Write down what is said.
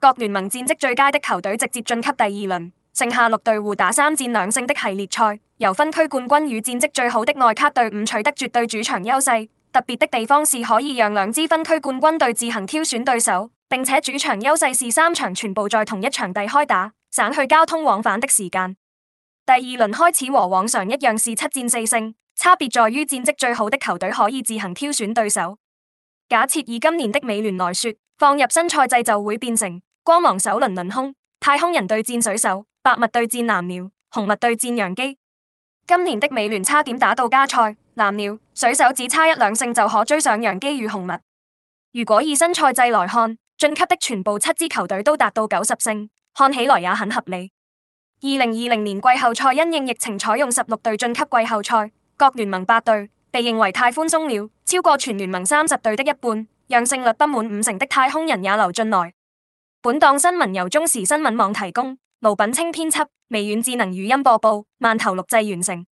各聯盟戰績最佳的球隊直接晉級第二輪，剩下六隊互打三戰兩勝的系列賽。由分區冠軍與戰績最好的外卡隊伍取得絕對主場優勢。特別的地方是可以讓兩支分區冠軍隊自行挑選對手，並且主場優勢是三場全部在同一場地開打，省去交通往返的時間。第二輪開始和往常一樣是七戰四勝，差別在於戰績最好的球隊可以自行挑選對手。假設以今年的美聯來說，放入新賽制就會變成。光芒首輪輪空，太空人對戰水手，白襪對戰藍鳥，紅襪對戰洋基。今年的美聯差點打到加賽，藍鳥、水手只差一兩勝就可追上洋基與紅襪。如果以新賽制來看，晉級的全部七支球隊都達到九十勝，看起來也很合理。二零二零年季後賽因應疫情採用十六隊晉級季後賽，各聯盟八隊被認為太寬鬆了，超過全聯盟三十隊的一半，讓勝率不滿五成的太空人也留進來。本檔新聞由中時新聞網提供，盧品清編輯，微軟智能語音播報，萬頭錄製完成。